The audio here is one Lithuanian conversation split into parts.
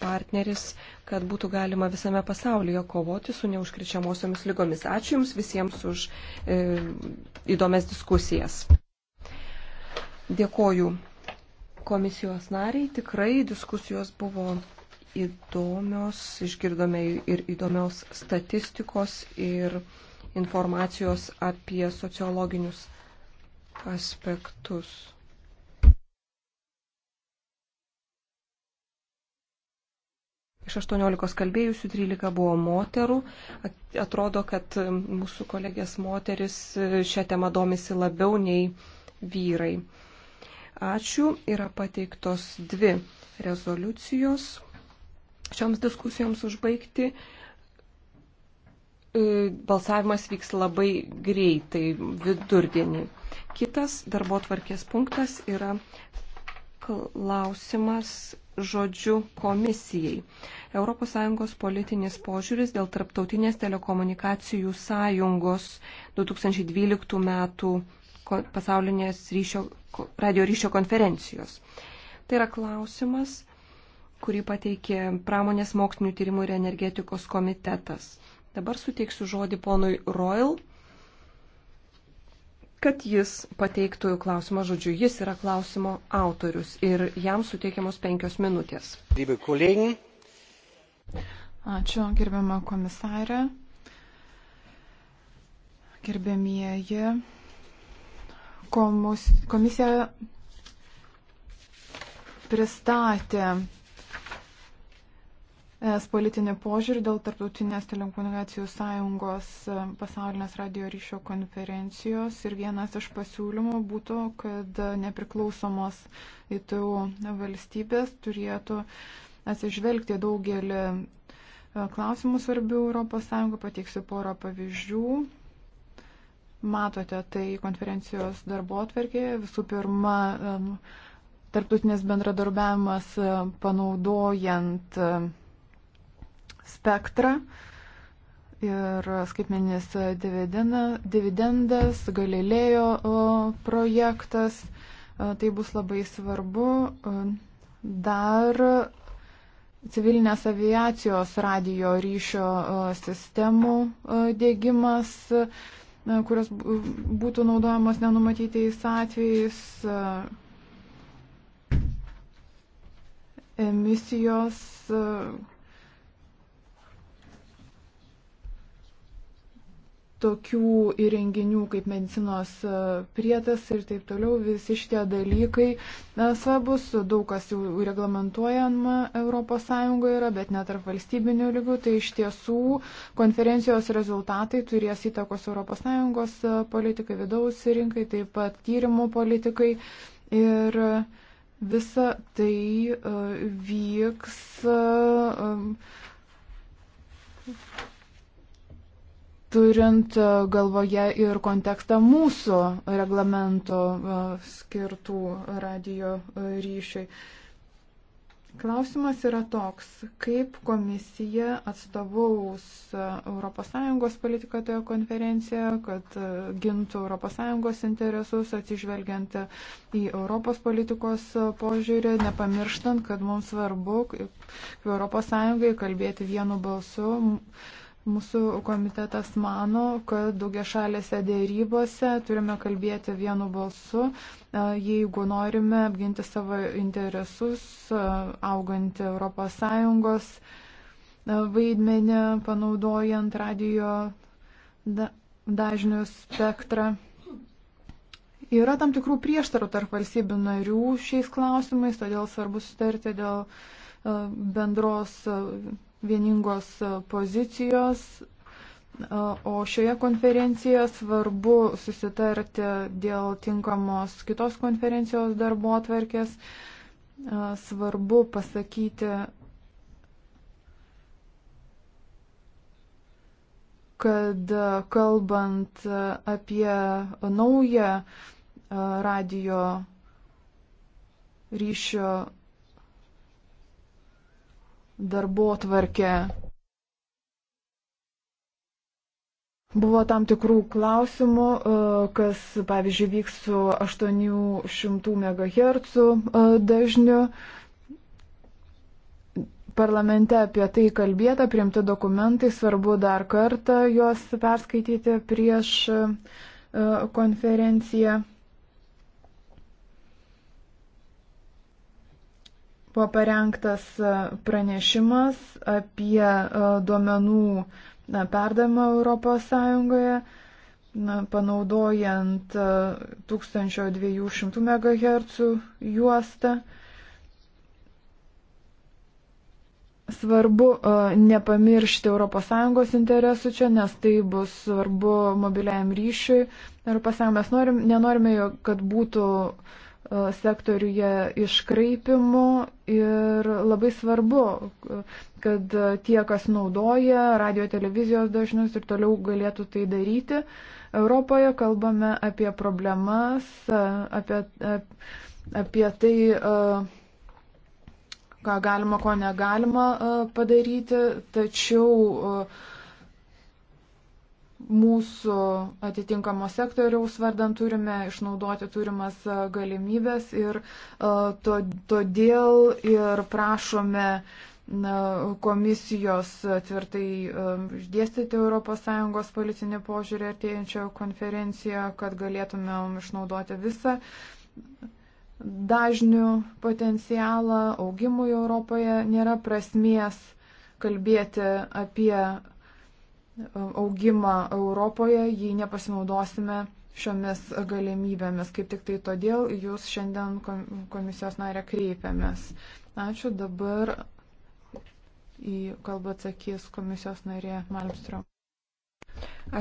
partneris, kad būtų galima visame pasaulyje kovoti su neužkričiamosiomis lygomis. Ačiū Jums visiems už e, įdomias diskusijas. Dėkoju komisijos nariai. Tikrai diskusijos buvo įdomios, išgirdome ir įdomios statistikos ir informacijos apie sociologinius aspektus. Iš 18 kalbėjusių 13 buvo moterų. Atrodo, kad mūsų kolegės moteris šią temą domisi labiau nei vyrai. Ačiū. Yra pateiktos dvi rezoliucijos šioms diskusijoms užbaigti. E, balsavimas vyks labai greitai, vidurdienį. Kitas darbo tvarkės punktas yra klausimas žodžiu komisijai. ES politinis požiūris dėl Tarptautinės telekomunikacijų sąjungos 2012 m. pasaulinės ryšio, radio ryšio konferencijos. Tai yra klausimas, kurį pateikė pramonės mokslinių tyrimų ir energetikos komitetas. Dabar suteiksiu žodį ponui Royal kad jis pateiktų klausimą žodžiu. Jis yra klausimo autorius ir jam suteikiamos penkios minutės. Ačiū, gerbiama komisarė. Gerbėmieji, komisija pristatė es politinį požiūrį dėl Tarptautinės telekomunikacijų sąjungos e, pasaulinės radio ryšio konferencijos. Ir vienas iš pasiūlymų būtų, kad nepriklausomos ITU valstybės turėtų atsižvelgti daugelį e, klausimų svarbių ES. Pateiksiu porą pavyzdžių. Matote tai konferencijos darbo atverkėje. Visų pirma, e, tarptautinis bendradarbiavimas panaudojant spektrą. Ir skaitmeninis dividendas, Galilėjo projektas, tai bus labai svarbu. Dar civilinės aviacijos radio ryšio sistemų dėgymas, kurios būtų naudojamos nenumatytais atvejais, emisijos, tokių įrenginių kaip medicinos e, prietas ir taip toliau, visi šitie dalykai e, svarbus, daug kas jau reglamentuojama ES yra, bet net tarp valstybinių lygių, tai iš tiesų konferencijos rezultatai turės įtakos ES e, politikai, vidaus rinkai, taip pat tyrimų politikai ir visa tai vyks. Um, turint e, galvoje ir kontekstą mūsų reglamento e, skirtų radio e, ryšiui. Klausimas yra toks, kaip komisija atstovaus ES politiką toje konferencijoje, kad gintų ES interesus, atsižvelgiant į Europos politikos požiūrį, nepamirštant, kad mums svarbu kaip ES kalbėti vienu balsu Mūsų komitetas mano, kad daugia šalėse dėrybose turime kalbėti vienu balsu, e, jeigu norime apginti savo interesus, e, augantį ES e, vaidmenį, panaudojant radio dažnių spektrą. Yra tam tikrų prieštarų tarp valstybių narių šiais klausimais, todėl svarbu sutarti dėl bendros vieningos pozicijos, o šioje konferencijoje svarbu susitarti dėl tinkamos kitos konferencijos darbo atverkės, svarbu pasakyti, kad kalbant apie naują radio ryšio darbo tvarkę. Buvo tam tikrų klausimų, e, kas, pavyzdžiui, vyks su 800 MHz e, dažniu. Parlamente apie tai kalbėta, priimti dokumentai, svarbu dar kartą juos perskaityti prieš e, konferenciją. Buvo parengtas e, pranešimas apie e, duomenų e, perdavimą Europos Sąjungoje, na, panaudojant 1200 MHz juostą. Svarbu nepamiršti ES interesų čia, nes tai bus svarbu mobiliajam ryšiui. Ir pasam mes norim, nenorime, kad būtų uh, E, sektoriuje iškraipimų ir labai svarbu, e, kad tie, kas naudoja radio televizijos dažnius ir toliau galėtų tai daryti. Europoje kalbame apie problemas, e, apie, apie tai, ką galima, ko negalima padaryti, tačiau mūsų atitinkamo sektoriaus vardan turime išnaudoti turimas e, galimybės ir e, to, todėl ir prašome komisijos tvirtai e, išdėstyti ES politinį požiūrį artėjančioje konferencijoje, kad galėtumėm išnaudoti visą dažnių potencialą augimui Europoje. Nėra prasmės kalbėti apie augimą Europoje, jei nepasinaudosime šiomis galimybėmis. Kaip tik tai todėl jūs šiandien komisijos narė kreipiamės. Ačiū. Dabar į kalbą atsakys komisijos narė Malmström.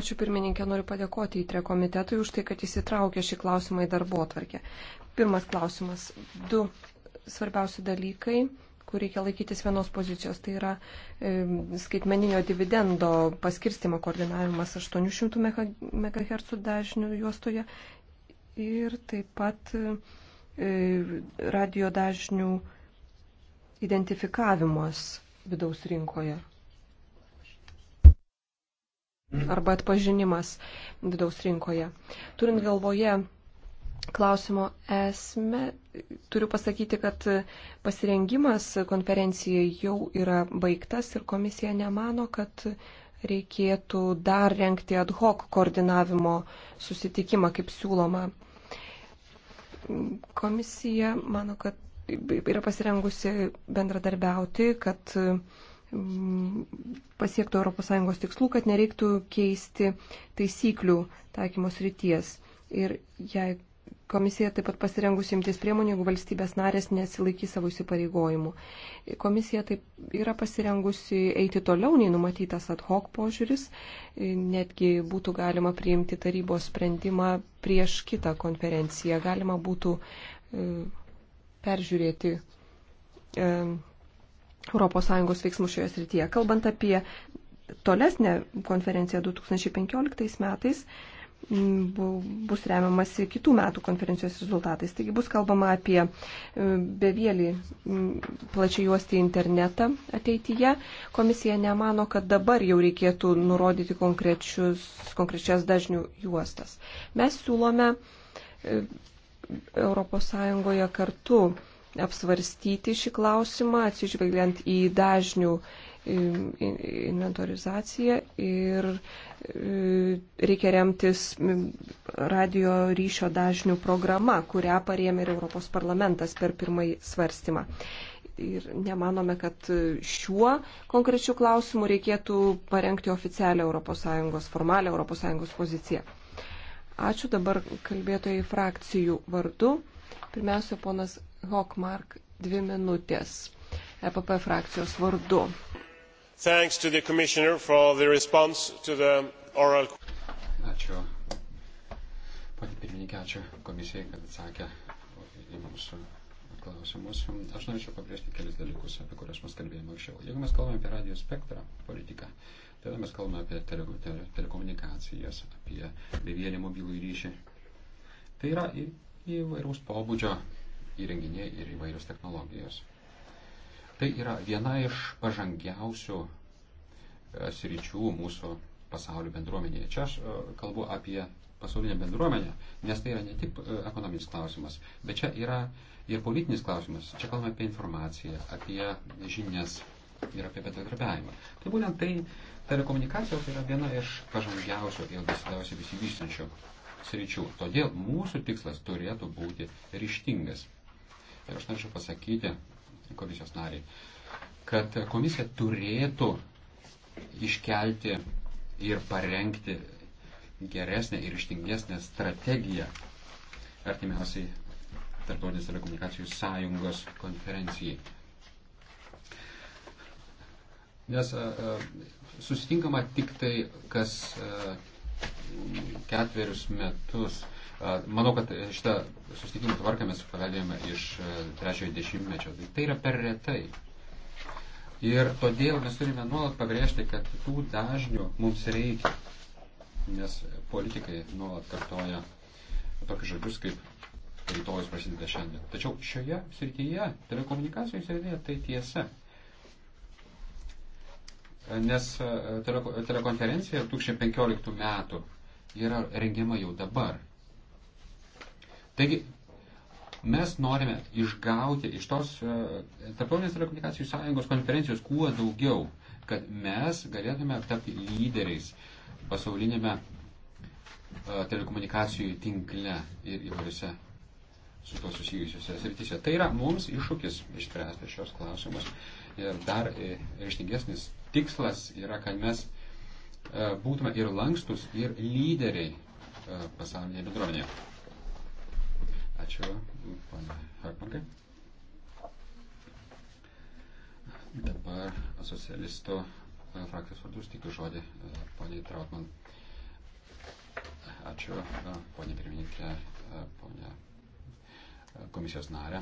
Ačiū pirmininkė, noriu padėkoti įtre komitetui už tai, kad įsitraukė šį klausimą į darbo atvarkę. Pirmas klausimas. Du svarbiausi dalykai aišku, reikia laikytis vienos pozicijos. Tai yra e, skaitmeninio dividendo paskirstimo koordinavimas 800 MHz dažnių juostoje ir taip pat e, radio dažnių identifikavimas vidaus rinkoje mhm. arba atpažinimas vidaus rinkoje. Turint galvoje klausimo esmę, turiu pasakyti, kad pasirengimas konferencijai jau yra baigtas ir komisija nemano, kad reikėtų dar renkti ad hoc koordinavimo susitikimą, kaip siūloma. Komisija mano, kad yra pasirengusi bendradarbiauti, kad mm, pasiektų ES tikslų, kad nereiktų keisti taisyklių taikymos ryties. Ir jei Komisija taip pat pasirengusi imtis priemonių, jeigu valstybės narės nesilaikys savo įsipareigojimų. Komisija taip yra pasirengusi eiti toliau nei numatytas ad hoc požiūris, netgi būtų galima priimti tarybos sprendimą prieš kitą konferenciją. Galima būtų e, peržiūrėti e, ES veiksmų šioje srityje. Kalbant apie tolesnę konferenciją 2015 metais, bus remiamasi kitų metų konferencijos rezultatais. Taigi bus kalbama apie e, bevėlį plačiai juosti internetą ateityje. Komisija nemano, kad dabar jau reikėtų nurodyti konkrečias dažnių juostas. Mes siūlome ES kartu apsvarstyti šį klausimą, atsižvelgiant į dažnių juostas inventorizacija ir e, reikia remtis radio ryšio dažnių programa, kurią parėmė ir Europos parlamentas per pirmąjį svarstymą. Ir nemanome, kad šiuo konkrečiu klausimu reikėtų parengti oficialią ES, formalią ES poziciją. Ačiū dabar kalbėtojai frakcijų vardu. Pirmiausia, ponas Hokmark, dvi minutės. EPP frakcijos vardu thanks to the commissioner for the response to the oral Ačiū. Pane pirmininkė, ačiū komisijai, kad atsakė į mūsų klausimus. Aš norėčiau pabrėžti kelis dalykus, apie kuriuos mes kalbėjome anksčiau. Jeigu mes kalbame apie radio spektrą politiką, tada mes kalbame apie tele, tele, telekomunikacijas, apie bevienį mobilų ryšį. Tai yra įvairūs pobūdžio įrenginiai ir įvairios technologijos. Tai yra viena iš pažangiausių e, sričių mūsų pasaulio bendruomenėje. Čia aš e, kalbu apie pasaulinę bendruomenę, nes tai yra ne tik e, ekonominis klausimas, bet čia yra ir politinis klausimas. Čia kalbame apie informaciją, apie žinias ir apie bendradarbiavimą. Tai būtent tai telekomunikacijos tai yra viena iš pažangiausių ir labiausiai besivystančių sričių. Todėl mūsų tikslas turėtų būti ryštingas. Ir aš norėčiau pasakyti komisijos nariai, kad komisija turėtų iškelti ir parengti geresnę ir ištingesnę strategiją artimiausiai Tartautinės telekomunikacijų sąjungos konferencijai. Nes susitinkama tik tai kas ketverius metus Manau, kad šitą susitikimų tvarką mes paveldėjome iš e, trečiojo dešimtmečio. Tai, tai yra per retai. Ir todėl mes turime nuolat pabrėžti, kad tų dažnių mums reikia. Nes politikai nuolat kartoja tokius žodžius kaip rytojus prasideda šiandien. Tačiau šioje srityje, telekomunikacijų srityje, tai tiesa. Nes e, telekonferencija 2015 metų yra rengiama jau dabar Taigi, mes norime išgauti iš tos e, Tarptautinės telekomunikacijų sąjungos konferencijos kuo daugiau, kad mes galėtume tapti lyderiais pasaulinėme e, telekomunikacijų tinkle ir įvairiose su to susijusiuose srityse. Tai yra mums iššūkis išspręsti šios klausimus. Ir dar e, ryštingesnis tikslas yra, kad mes būtume ir lankstus, ir lyderiai pasaulinėje bendruomenėje. Ačiū, pana Hartmarkai. Dabar socialisto frakcijos vardus tik žodį e, poniai Trautman. Ačiū, e, ponė pirmininkė, e, ponė komisijos narė.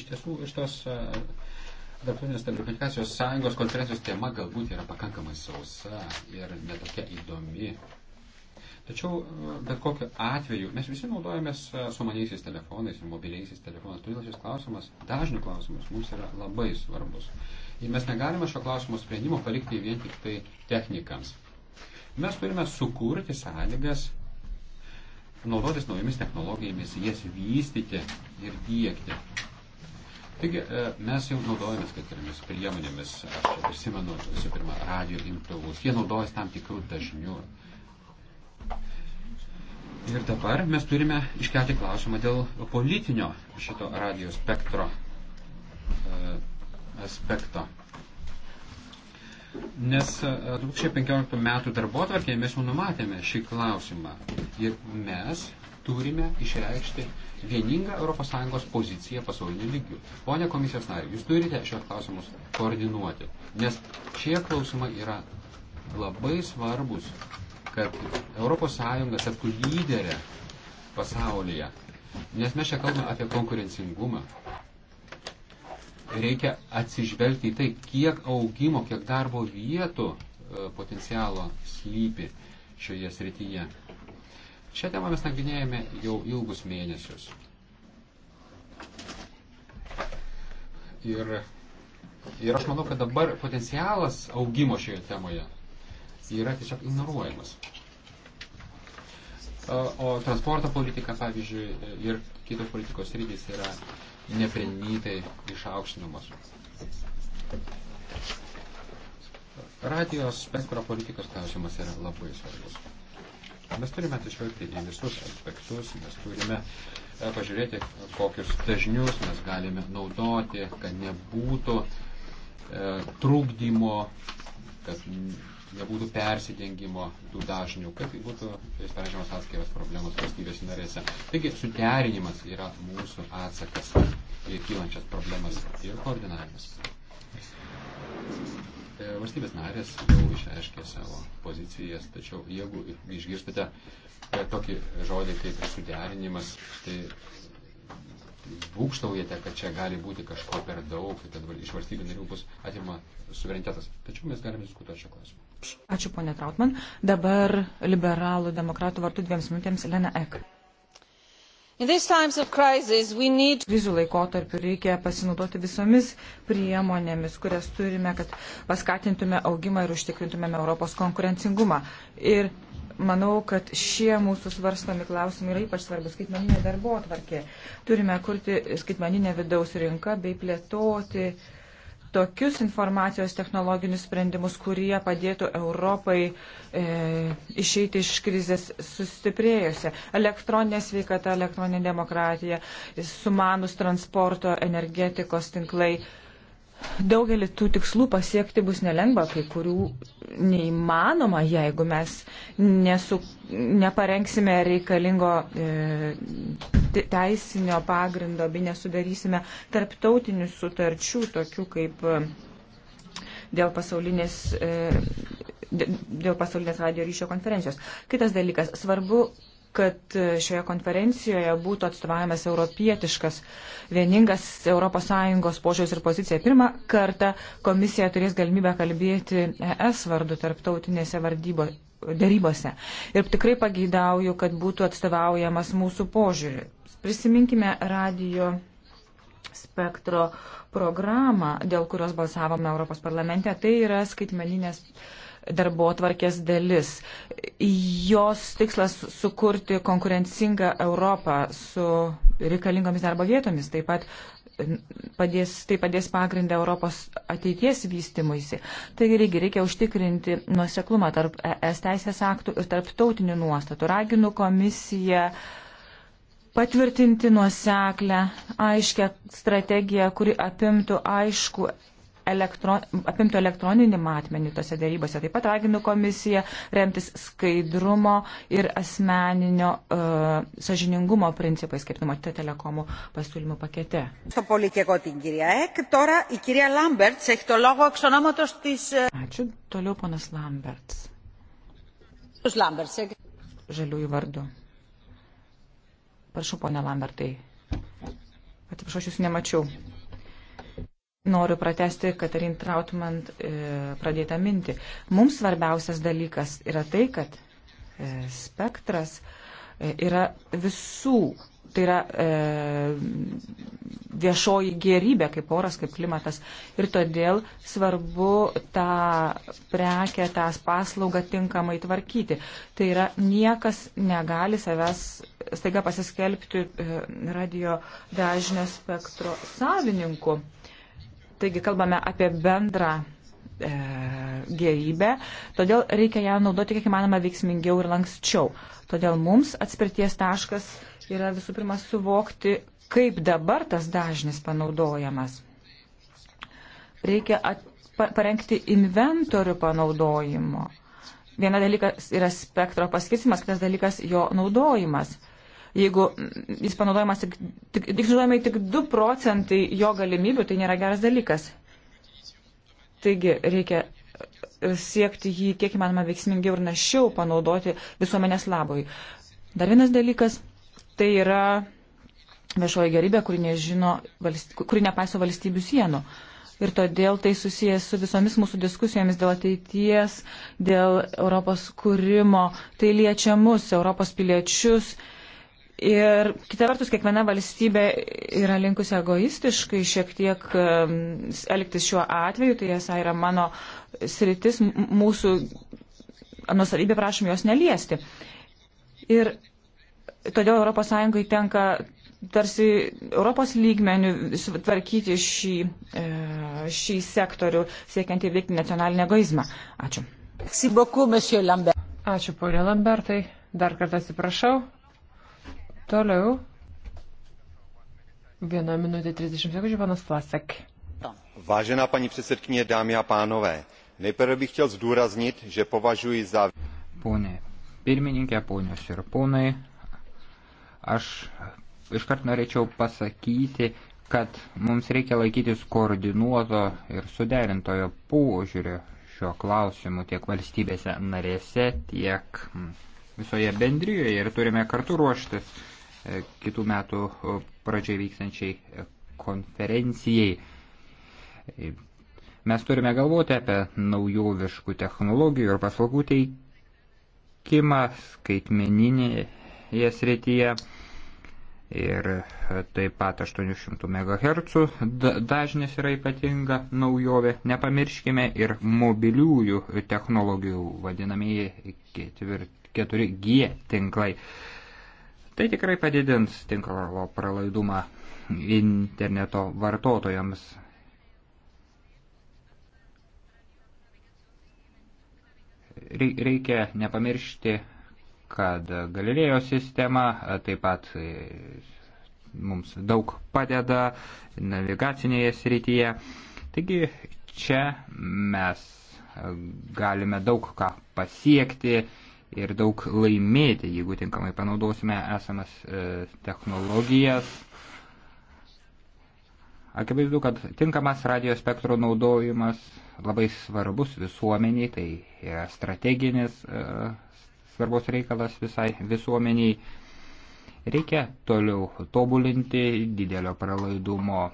Iš tiesų, iš tos Tarptautinės telekomunikacijos sąjungos konferencijos tema galbūt yra pakankamai sausa ir netokia įdomi Tačiau e, bet kokiu atveju mes visi naudojamės e, sumaniaisiais telefonais ir mobiliaisiais telefonais. Todėl šis klausimas, dažnių klausimas, mums yra labai svarbus. Ir mes negalime šio klausimo sprendimo palikti vien tik tai technikams. Mes turime sukurti sąlygas, naudotis naujomis technologijomis, jas vystyti ir dėkti. Taigi e, mes jau naudojamės kai kuriomis priemonėmis. Aš prisimenu visų pirma radio imtuvus. Jie naudojasi tam tikrų dažnių Ir dabar mes turime iškelti klausimą dėl politinio šito radio spektro e, aspekto. Nes 2015 e, metų darbo atvarkėje mes jau numatėme šį klausimą ir mes turime išreikšti vieningą ES poziciją pasauliniu lygiu. Pone komisijos nariai, jūs turite šios klausimus koordinuoti, nes šie klausimai yra labai svarbus kad ES taptų lyderę pasaulyje. Nes mes čia kalbame apie konkurencingumą. Reikia atsižvelgti į tai, kiek augimo, kiek darbo vietų e, potencialo slypi šioje srityje. Šią temą mes nagrinėjame jau ilgus mėnesius. Ir, ir aš manau, kad dabar potencialas augimo šioje temoje yra tiesiog ignoruojamas. O transporto politika, pavyzdžiui, ir kitos politikos rytis yra neprinytai išaukštinamos. Radijos spektro politikos klausimas yra labai svarbus. Mes turime atsižvelgti į visus aspektus, mes turime e, pažiūrėti, kokius dažnius mes galime naudoti, kad nebūtų e, trukdymo, kad nebūtų persidengimo tų dažnių, kad tai būtų sprendžiamas atskiras problemas valstybės narėse. Taigi suderinimas yra mūsų atsakas į kylančias problemas ir koordinavimas. E, valstybės narės jau išreiškė savo pozicijas, tačiau jeigu išgirstate e, tokį žodį kaip suderinimas, tai būkštaujate, kad čia gali būti kažko per daug, kad iš valstybių narių bus atima suverenitetas. Tačiau mes galime diskutuoti šio klausimu. Ačiū, ponė Trautman. Dabar liberalų demokratų vartų dviems minutėms Lena Ek. Need... Krizių laikotarpiu reikia pasinaudoti visomis priemonėmis, kurias turime, kad paskatintume augimą ir užtikrintumėme Europos konkurencingumą. Ir manau, kad šie mūsų svarstami klausimai yra ypač svarbus. Skaitmeninė darbo atvarkė. Turime kurti skaitmeninę vidaus rinką bei plėtoti tokius informacijos technologinius sprendimus, kurie padėtų Europai e, išeiti iš krizės sustiprėjusią. Elektroninė sveikata, elektroninė demokratija, sumanus transporto, energetikos tinklai. E, Daugelį tų tikslų pasiekti bus nelengva, kai kurių neįmanoma, jeigu mes nesu, neparengsime reikalingo e, teisinio pagrindo, bei nesudarysime tarptautinių sutarčių, tokių kaip e, dėl pasaulinės. E, dėl pasaulinės radio ryšio konferencijos. Kitas dalykas, svarbu kad šioje konferencijoje būtų atstovavimas europietiškas, vieningas ES požiūris ir pozicija. Pirmą kartą komisija turės galimybę kalbėti ES vardu tarptautinėse vardybo, darybose. Ir tikrai pageidauju, kad būtų atstovaujamas mūsų požiūrį. Prisiminkime radio spektro programą, dėl kurios balsavome Europos parlamente. Tai yra skaitmeninės darbo atvarkės dalis. Jos tikslas sukurti konkurencingą Europą su reikalingomis darbo vietomis, taip pat padės, tai padės pagrindą Europos ateities vystimuisi. Taigi reikia, reikia užtikrinti nuoseklumą tarp ES teisės aktų ir tarptautinių nuostatų. Raginu komisiją patvirtinti nuoseklę, aiškę strategiją, kuri apimtų aišku elektron, apimtų elektroninį matmenį tose dėrybose. Taip pat raginu komisiją remtis skaidrumo ir asmeninio uh, sažiningumo principais, kaip numatyta telekomų pasiūlymų pakete. Ačiū. Toliau ponas Lamberts. Žaliųjų vardu. Prašau, ponė Lambertai. Atsiprašau, aš jūsų nemačiau noriu pratesti Katarin Trautmant e, pradėtą mintį. Mums svarbiausias dalykas yra tai, kad e, spektras e, yra visų, tai yra e, viešoji gerybė, kaip oras, kaip klimatas. Ir todėl svarbu tą prekę, tą paslaugą tinkamai tvarkyti. Tai yra niekas negali savęs staiga pasiskelbti e, radio dažnio spektro savininku. E, Taigi kalbame apie bendrą e, gerybę, todėl reikia ją naudoti kiek įmanoma veiksmingiau ir lankščiau. Todėl mums atspirties taškas yra visų pirma suvokti, kaip dabar tas dažnis panaudojamas. Reikia at, pa, parengti inventorių panaudojimo. Viena dalykas yra spektro paskirstimas, kitas dalykas jo naudojimas. Jeigu jis panaudojamas tik, tik, tik, tik 2 procentai jo galimybių, tai nėra geras dalykas. Taigi reikia e, siekti jį kiek įmanoma veiksmingiau ir našiau panaudoti visuomenės labui. Dar vienas dalykas tai yra viešoji gerybė, kuri, nežino, kuri nepaiso valstybių sienų. Ir todėl tai susijęs su visomis mūsų diskusijomis dėl ateities, dėl Europos kūrimo. Tai liečia mus, Europos piliečius Ir kita vertus, kiekviena valstybė yra linkusi egoistiškai šiek tiek elgtis šiuo atveju, tai esą yra mano sritis, mūsų nusavybė prašom jos neliesti. Ir todėl ES tenka tarsi Europos lygmenių tvarkyti šį, e, šį sektorių, siekiant įveikti nacionalinį egoizmą. Ačiū. Ačiū, ponė Lambertai. Dar kartą atsiprašau. Toliau. Viena minutė 30 sekundžių, panas Plasek. Vážená paní předsedkyně, dámy a pánové, nejprve bych chtěl zdůraznit, že považuji za... Pone pirmininkė, ponios ir ponai, aš iškart norėčiau pasakyti, kad mums reikia laikytis koordinuoto ir suderintojo požiūrio šio klausimu tiek valstybėse narėse, tiek mm, visoje bendrijoje ir turime kartu ruoštis kitų metų pradžiai vykstančiai konferencijai. Mes turime galvoti apie naujoviškų technologijų ir paslaugų teikimą skaitmeninėje srityje ir taip pat 800 MHz dažnis yra ypatinga naujovė. Nepamirškime ir mobiliųjų technologijų vadinamieji 4G tinklai. Tai tikrai padidins tinklo pralaidumą interneto vartotojams. Reikia nepamiršti, kad Galilėjo sistema taip pat e, mums daug padeda navigacinėje srityje. Taigi čia mes galime daug ką pasiekti ir daug laimėti, jeigu tinkamai panaudosime esamas e, technologijas. Akivaizdu, kad tinkamas radio spektro naudojimas labai svarbus visuomeniai, tai yra strateginis e, svarbus reikalas visai visuomeniai. Reikia toliau tobulinti didelio pralaidumo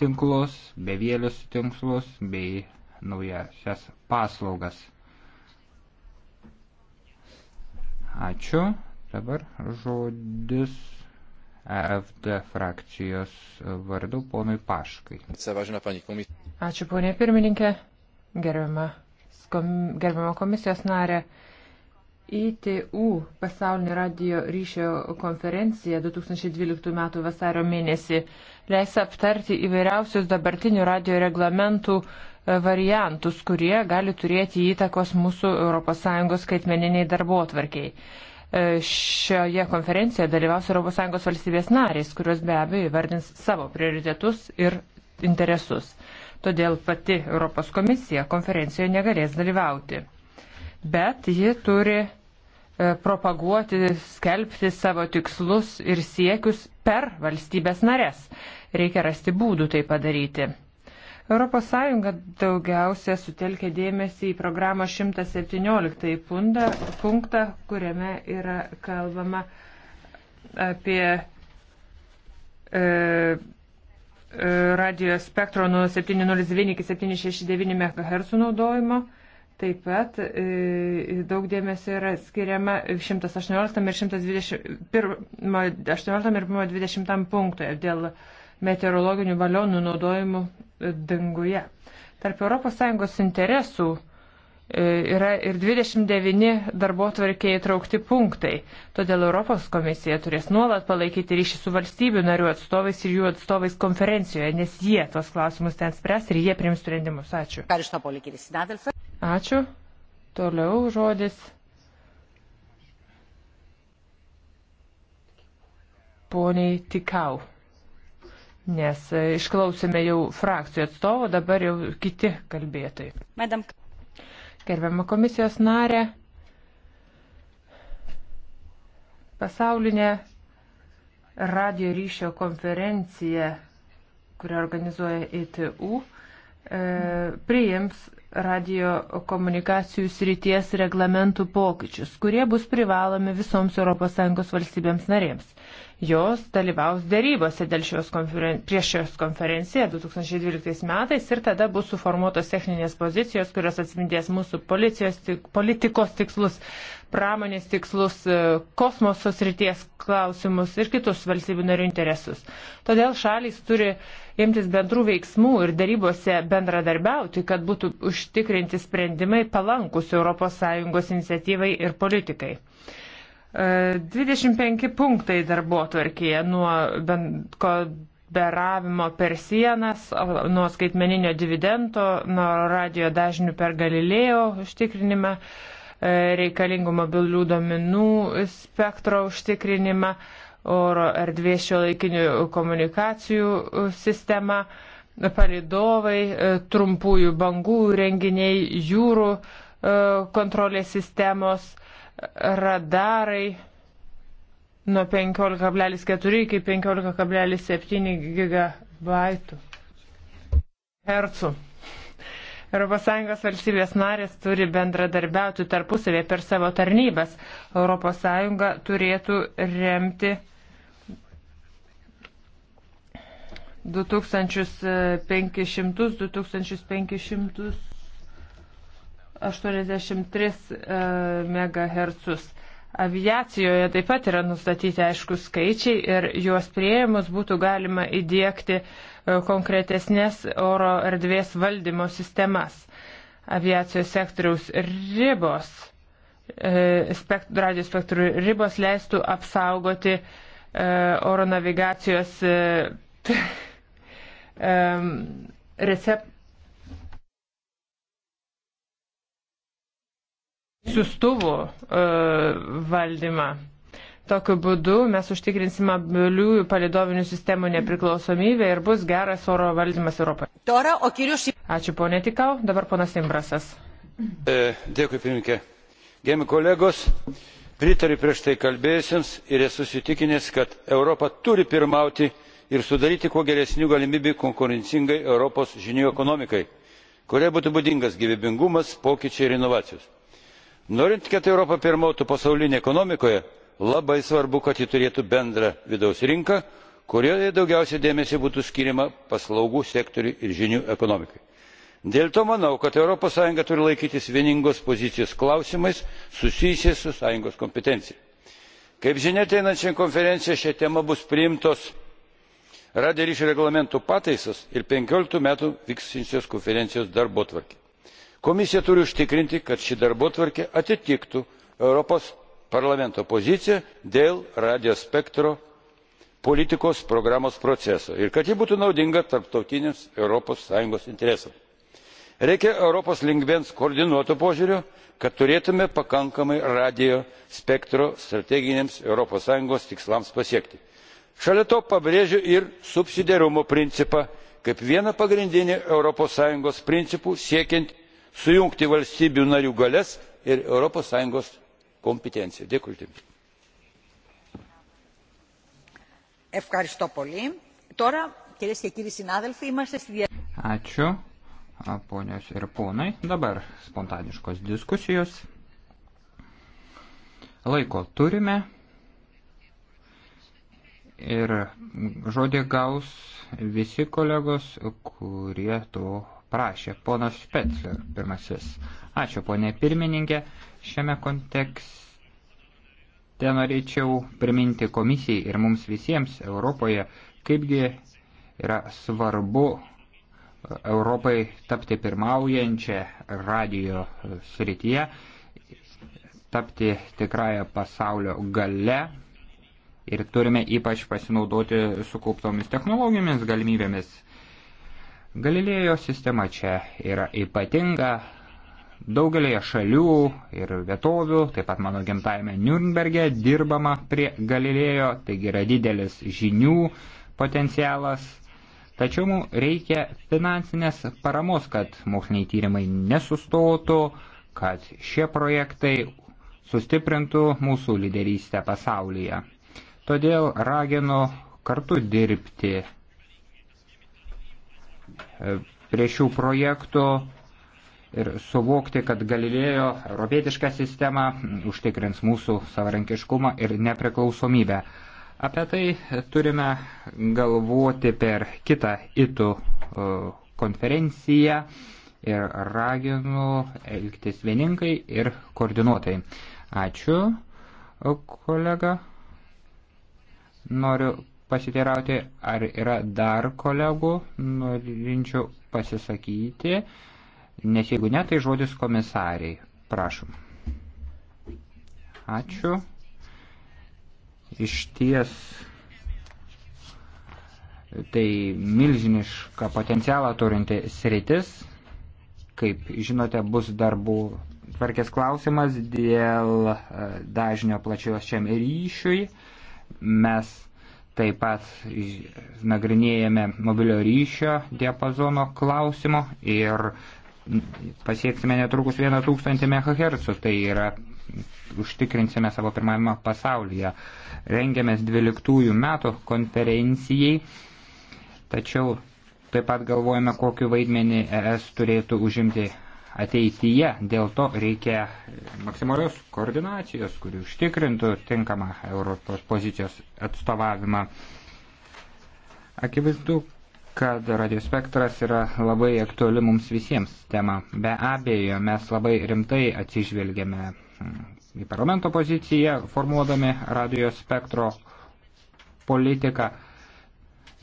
tinklus, bevėlius tinklus bei naujasias paslaugas. Ačiū. Dabar žodis EFD frakcijos vardu ponui Paškai. Ačiū ponė pirmininkė, gerbiama, gerbiama komisijos narė. ITU e pasaulinė radio ryšio konferencija 2012 m. vasario mėnesį leis aptarti įvairiausius dabartinių radio reglamentų variantus, kurie gali turėti įtakos mūsų ES skaitmeniniai darbo atvarkiai. E, šioje konferencijoje dalyvaus ES valstybės narės, kurios be abejo įvardins savo prioritetus ir interesus. Todėl pati Europos komisija konferencijoje negalės dalyvauti. Bet ji turi e, propaguoti, skelbti savo tikslus ir siekius per valstybės narės. Reikia rasti būdų tai padaryti. ES daugiausia sutelkė dėmesį į programą 117 pundą, punktą, kuriame yra kalbama apie e, e radio spektro nuo 701 iki 769 MHz naudojimo. Taip pat e, daug dėmesio yra skiriama 118 ir 121 ir 120 punktoje dėl meteorologinių balionų naudojimu e, danguje. Tarp ES interesų e, yra ir 29 darbo tvarkėje įtraukti punktai. Todėl Europos komisija turės nuolat palaikyti ryšį su valstybių narių atstovais ir jų atstovais konferencijoje, nes jie tos klausimus ten spręs ir jie priims sprendimus. Ačiū. Ačiū. Toliau žodis. Poniai Tikau nes e, išklausėme jau frakcijų atstovų, dabar jau kiti kalbėtojai. Madam. Gerbiama komisijos narė, pasaulinė radio ryšio konferencija, kurią organizuoja ETU, e, priims radio komunikacijų srities reglamentų pokyčius, kurie bus privalomi visoms ES valstybėms narėms. Jos dalyvaus dėrybose dėl šios konferen... prieš šios konferenciją 2012 metais ir tada bus suformuotos techninės pozicijos, kurios atspindės mūsų tik... politikos tikslus, pramonės tikslus, e, kosmosos ryties klausimus ir kitus valstybių narių interesus. Todėl šalys turi imtis bendrų veiksmų ir darybose bendradarbiauti, kad būtų užtikrinti sprendimai palankus ES iniciatyvai ir politikai. 25 punktai darbo tvarkėje nuo beravimo per sienas, nuo skaitmeninio dividendo, nuo radio dažnių per Galilėjo užtikrinimą, e, reikalingų mobilių domenų spektro užtikrinimą, oro erdvės šio laikinių komunikacijų sistemą, palidovai, e, trumpųjų bangų renginiai, jūrų e, kontrolės sistemos, radarai nuo 15,4 iki 15,7 gigabaitų hercų. ES valstybės narės turi bendradarbiauti tarpusavėje per savo tarnybas. ES turėtų remti 2500-2500 83 e, MHz. Aviacijoje taip pat yra nustatyti aiškus skaičiai ir juos prieimus būtų galima įdėkti e, konkretesnės oro erdvės valdymo sistemas. Aviacijos sektoriaus ribos, e, spekt, radio spektrų ribos leistų apsaugoti oro navigacijos recept, siustuvų e, valdymą. Tokiu būdu mes užtikrinsime mobiliųjų palidovinių sistemų nepriklausomybę ir bus geras oro valdymas Europoje. Tora, o kirius... Ačiū ponė Tikau, dabar ponas Imbrasas. E, dėkui, pirmininkė. Gėmi kolegos, pritariu prieš tai kalbėjusiems ir esu sutikinęs, kad Europa turi pirmauti ir sudaryti kuo geresnių galimybių konkurencingai Europos žinių ekonomikai, kuriai būtų būdingas gyvybingumas, pokyčiai ir inovacijos norint kad europa pirmautų pasaulinėje ekonomikoje labai svarbu kad ji turėtų bendrą vidaus rinką kurioje daugiausiai dėmesio būtų skiriama paslaugų sektoriui ir žinių ekonomikai. dėl to manau kad europos sąjunga turi laikytis vieningos pozicijos klausimais susijusiais su sąjungos kompetencija. kaip žinia ateinančioje konferencijoje šia tema bus priimtos radijo ryšio reglamento pataisos ir penkioliktų metų vyksiančios konferencijos darbotvarkė komisija turi užtikrinti kad ši darbotvarkė atitiktų europos parlamento poziciją dėl radijo spektro politikos programos proceso ir kad ji būtų naudinga tarptautiniams europos sąjungos interesams. reikia europos lygmens koordinuoto požiūrio kad turėtume pakankamai radijo spektro strateginiams europos sąjungos tikslams pasiekti. šalia to pabrėžiu ir subsidiarumo principą kaip vieną pagrindinių europos sąjungos principų siekiant sujungti valstybių narių galias ir europos sąjungos kompetenciją. dėkui. Ačiū, ponios ir ponai. Dabar spontaniškos diskusijos. Laiko turime. Ir žodį gaus visi kolegos, kurie to prašė. Ponas Špetler pirmasis. Ačiū, ponė pirmininkė. Šiame kontekste norėčiau priminti komisijai ir mums visiems Europoje, kaipgi yra svarbu Europai tapti pirmaujančią radio srityje, tapti tikrąją pasaulio gale ir turime ypač pasinaudoti sukauptomis technologijomis galimybėmis. Galilėjo sistema čia yra ypatinga. Daugelėje šalių ir vietovių, taip pat mano gimtajame Nürnberge, dirbama prie Galilėjo, taigi yra didelis žinių potencialas. Tačiau mums reikia finansinės paramos, kad moksliniai tyrimai nesustotų, kad šie projektai sustiprintų mūsų lyderystę pasaulyje. Todėl raginu kartu dirbti E, prie šių projektų ir suvokti, kad Galilėjo europietiška sistema užtikrins mūsų savarankiškumą ir nepriklausomybę. Apie tai turime galvoti per kitą ITU e, konferenciją ir raginu elgtis vieningai ir koordinuotai. Ačiū, e, kolega. Noriu pasiteirauti, ar yra dar kolegų norinčių pasisakyti, nes jeigu ne, tai žodis komisariai. Prašom. Ačiū. Iš ties tai milžinišką potencialą turinti sritis. Kaip žinote, bus darbų tvarkės klausimas dėl e, dažnio plačios šiam ryšiui. Mes Taip pat nagrinėjame mobilio ryšio diapazono klausimo ir pasieksime netrukus 1000 MHz. Tai yra užtikrinsime savo pirmajame pasaulyje. Rengiamės 12 metų konferencijai, tačiau taip pat galvojame, kokiu vaidmenį ES turėtų užimti ateityje. Dėl to reikia maksimalios koordinacijos, kuri užtikrintų tinkamą Europos pozicijos atstovavimą. Akivaizdu, kad radiospektras yra labai aktuali mums visiems tema. Be abejo, mes labai rimtai atsižvelgėme į parlamento poziciją, formuodami radiospektro politiką.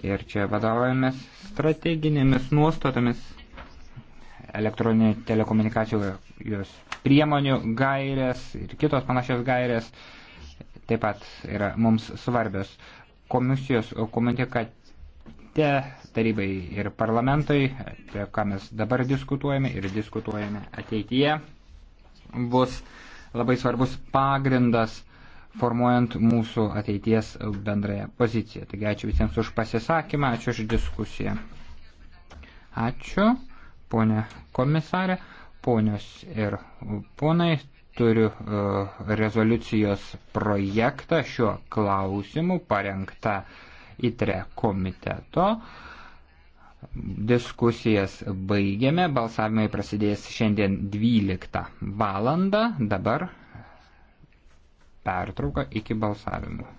Ir čia vadovaujamės strateginėmis nuostatomis elektroninių telekomunikacijos priemonių gairės ir kitos panašios gairės taip pat yra mums svarbios. Komisijos komunikate tarybai ir parlamentai, apie ką mes dabar diskutuojame ir diskutuojame ateityje, bus labai svarbus pagrindas formuojant mūsų ateities bendrąją poziciją. Taigi ačiū visiems už pasisakymą, ačiū už diskusiją. Ačiū ponė komisarė, ponios ir ponai, turiu e, rezoliucijos projektą šiuo klausimu parengta ITRE komiteto. Diskusijas baigėme, balsavimai prasidės šiandien 12 valandą, dabar pertrauka iki balsavimo.